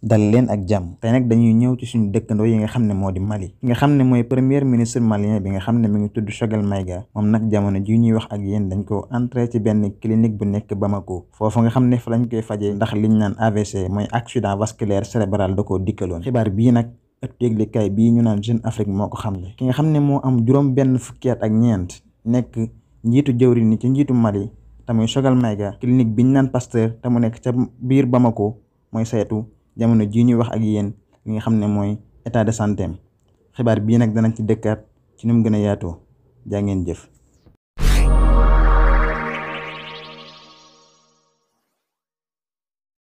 dal leen ak jàmm te nag dañuy ñëw ci suñu dëkkandoo yi nga xam ne moo di Mali ki nga xam ne mooy premier ministre malien bi nga xam ne mi ngi tudd Choguel Maïga moom nag jamono ji ñuy wax ak yéen dañ ko entré benn clinique bu nekk Bamako foofu nga xam ne fa lañ koy fajee ndax liñ naan AVC mooy accident vasculaire cérébral da koo dikkaloon xibaar bii nag ëttu yëglekaay bii ñu naan Jeune Afrique moo ko xamle ki nga xam ne moo am juróom benn fukki ak ñeent nekk njiitu jëwri ni ci njiitu Mali te muy Choguel Maïga clinique biñ naan Pasteur te mu nekk ca biir Bamako mooy saytu jamono jii ñuy wax ak yéen li nga xam ne mooy état de santé xibaar bii nag danañ ci dëkkaat ci nu mu gën a yaatoo jaa ngeen jëf.